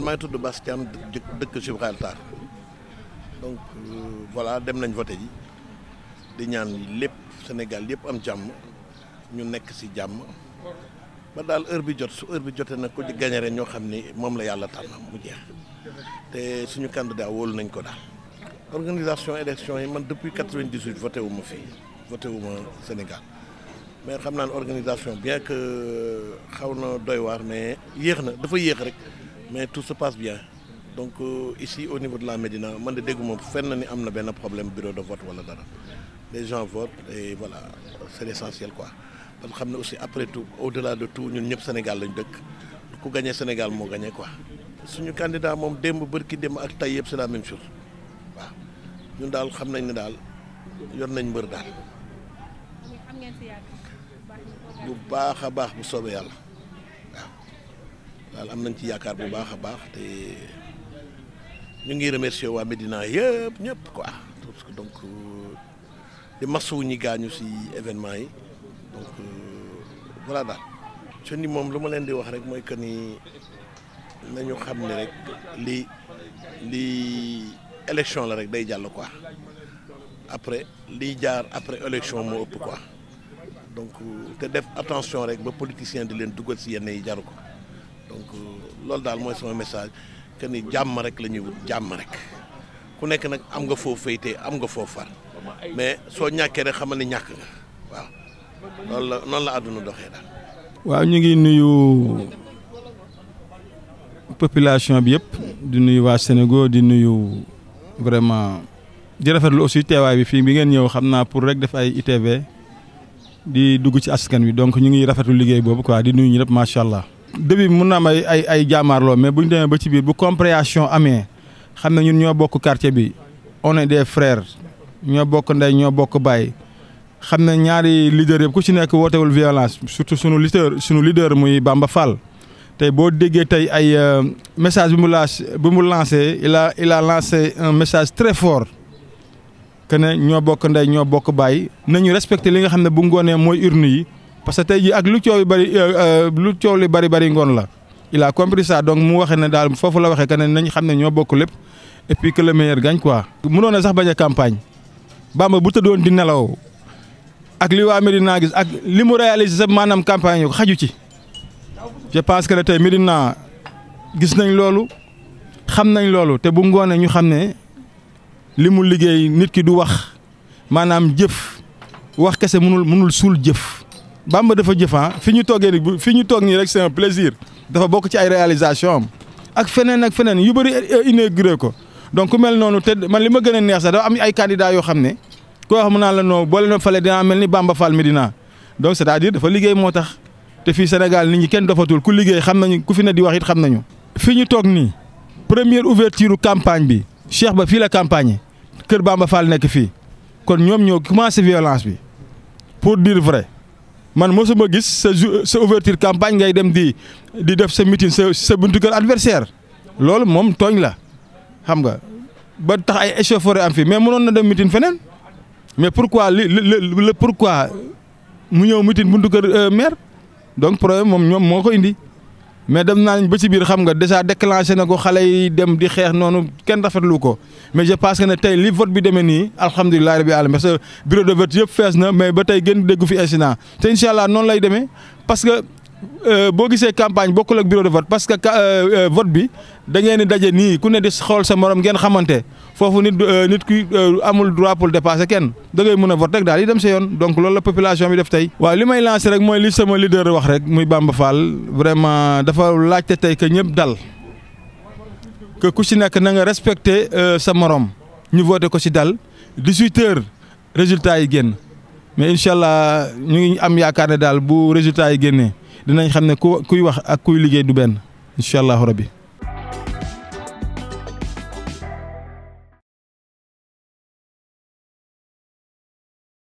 man maa ngi tudd Bastian dëkk Gibraltar donc euh, voilà dem nañ voté ji di ñaan lépp Sénégal yëpp am jàmm ñu nekk ci jàmm ba daal heure bi jot su heure bi jotee nag ko ci gagné ñoo xam ni moom la yàlla tànn mu jeex te suñu candidat woolu nañ ko daal. organisation élection yi man depuis 98 voté wu ma fii voté wu ma Sénégal mais xam naa ne organisation bien que euh, xaw na doy waar mais yéex na dafa yéex rek. mais tout se passe bien donc euh, ici au niveau de la Médina man de dégguma fenn ni am na benn problème bureau de vote wala dara les gens votent et voilà c'est l'essentiel quoi parce que xam ne aussi après tout au-delà de tout ñun ñëpp Sénégal lañ dëkk ku gañe Sénégal moo gagné quoi suñu candidat moom démb bërki démb ak tay yëpp c'est la même chose waaw ñun daal xam nañ ne daal yor nañ mbër daal bu baax a baax bu soobee yàlla daal am nañ ci yaakaar bu baax a baax te ñu ngi remercier waa Médina yëpp ñëpp quoi donc euh, di masawu ñi gaañu si événement yi donc euh, voilà daal. su ni moom lu ma leen di wax rek mooy que nii nañu xam ne rek li li élection la rek day jàll quoi après liy jaar après élection moo ëpp quoi donc euh, te def attention rek ba politicien di leen dugal si yenn yi jaru ko. donc loolu daal mooy sama message que ni jàmm rek la ñuy wut jàmm rek ku nekk nag am nga foo féetee am nga foo far mais soo ñàkkee rek xamal ni ñàkk nga waaw la la àdduna doxee daal. ñu ngi nuyu population bi yëpp di nuyu waa Sénégal di nuyu vraiment di rafetlu aussi teewaay bi fii bi ngeen ñëw xam naa pour rek def ay ITV di dugg ci askan wi donc ñu ngi rafetlu liggéey boobu quoi di nuyu ñu ñëpp macha allah. début mun naa may ay ay ay mais bu ñu demee ba ci biir bu compréhension amee xam ne ñun ñoo bokk quartier bi on est des frères ñoo bokk ndey ñoo bokk bàyyi xam ne ñaari leader yëpp ku ci nekk wootewul violence surtout suñu leader sunu leader muy Bamba Fall tey boo déggee tey ay euh, message bi mu lancé bi mu lancé il a il a lancé un message très fort que ne ñoo bokk ndey ñoo bokk baay nañu respecté li nga xam ne bu ngoonee mooy urne yi. parce que tey jii ak lu coow li bari euh, euh, lu coow li bari bari ngoon la il a compris donc mu waxee ne daal foofu la waxee que nañ xam ne ñoo bokk lépp et puis que le meilleur gagne sax bañ a campagne Bamba bu tëddoon di nelaw ak li waa Medina gis ak li mu réalisé sa maanaam campagne ko xaju ci je pense que ne tey Medina gis nañ loolu xam nañ loolu te bu ngoonee ñu xam ne li mu liggéey nit ki du wax maanaam jëf wax kese mënul mënul suul jëf. Bamba dafa jëfan ah, fi ñu toogee nii ñu toog nii rek c'est un plaisir dafa bokk ci ay réalisation am ak feneen ak feneen yu bëri euh, inauguré ko donc ku mel noonu te man li ma gën a neex sax dafa am ay candidats yoo xam ne koo xam naa la noo boole na fale dinaa mel ni Bamba Fall Médina donc c'est-à-dire dafa liggéey moo tax te fii Sénégal nit ñi kenn dofatul ku liggéey xam nañu ku fi ne di wax it xam nañu. fi ñu toog nii première ouverture campagne bi Cheikh Ba fii la campagne kër Bamba Fall nekk fii kon ñoom ñoo commencé violence bi pour dire vrai. man mosuma gis sa sa ouverture campagne ngay dem di di def sa meeting sa sa buntu kër adversaire loolu moom tooñ la xam nga ba tax ay échauffourées am fii mais mënoon na dem meeting feneen mais pour pourquoi li pour quoi mu ñëw meeting buntu kër euh, maire donc problème moom ñoom moo ko indi. mais dem naa ba ci biir xam nga déjà déclenché na ko xale yi dem di xeex noonu kenn rafetlu ko mais je pense que ne tey li vote bi demee nii alhamdulilah rabi alam parce que bureau de vote yëpp fees na mais ba tey gën déggu fi incident te incha allah noonu lay demee parce que euh, boo gisee campagne bokkul ak bureau de vote parce que euh, euh, vote bi da ngeen di daje nii ku ne di xool sa morom ngeen xamante. foofu nit euh, nit ki euh, amul droit pour dépasser kenn da ngay mën a vote rek daal di dem sa yoon donc loolu la population bi def tey. waaw li may lancer rek mooy li sama leader wax rek muy Bamba Fall vraiment dafa laajte tey que ñëpp dal que ku si nekk nanga nga respecter euh, sa morom ñu voté ko si dal 18 heures résultat yi génn mais incha allah ñu ngi am yaakaar ne daal bu résultat yi génnee dinañ xam ne ku kuy wax ak kuy liggéey du benn incha allahu rabbi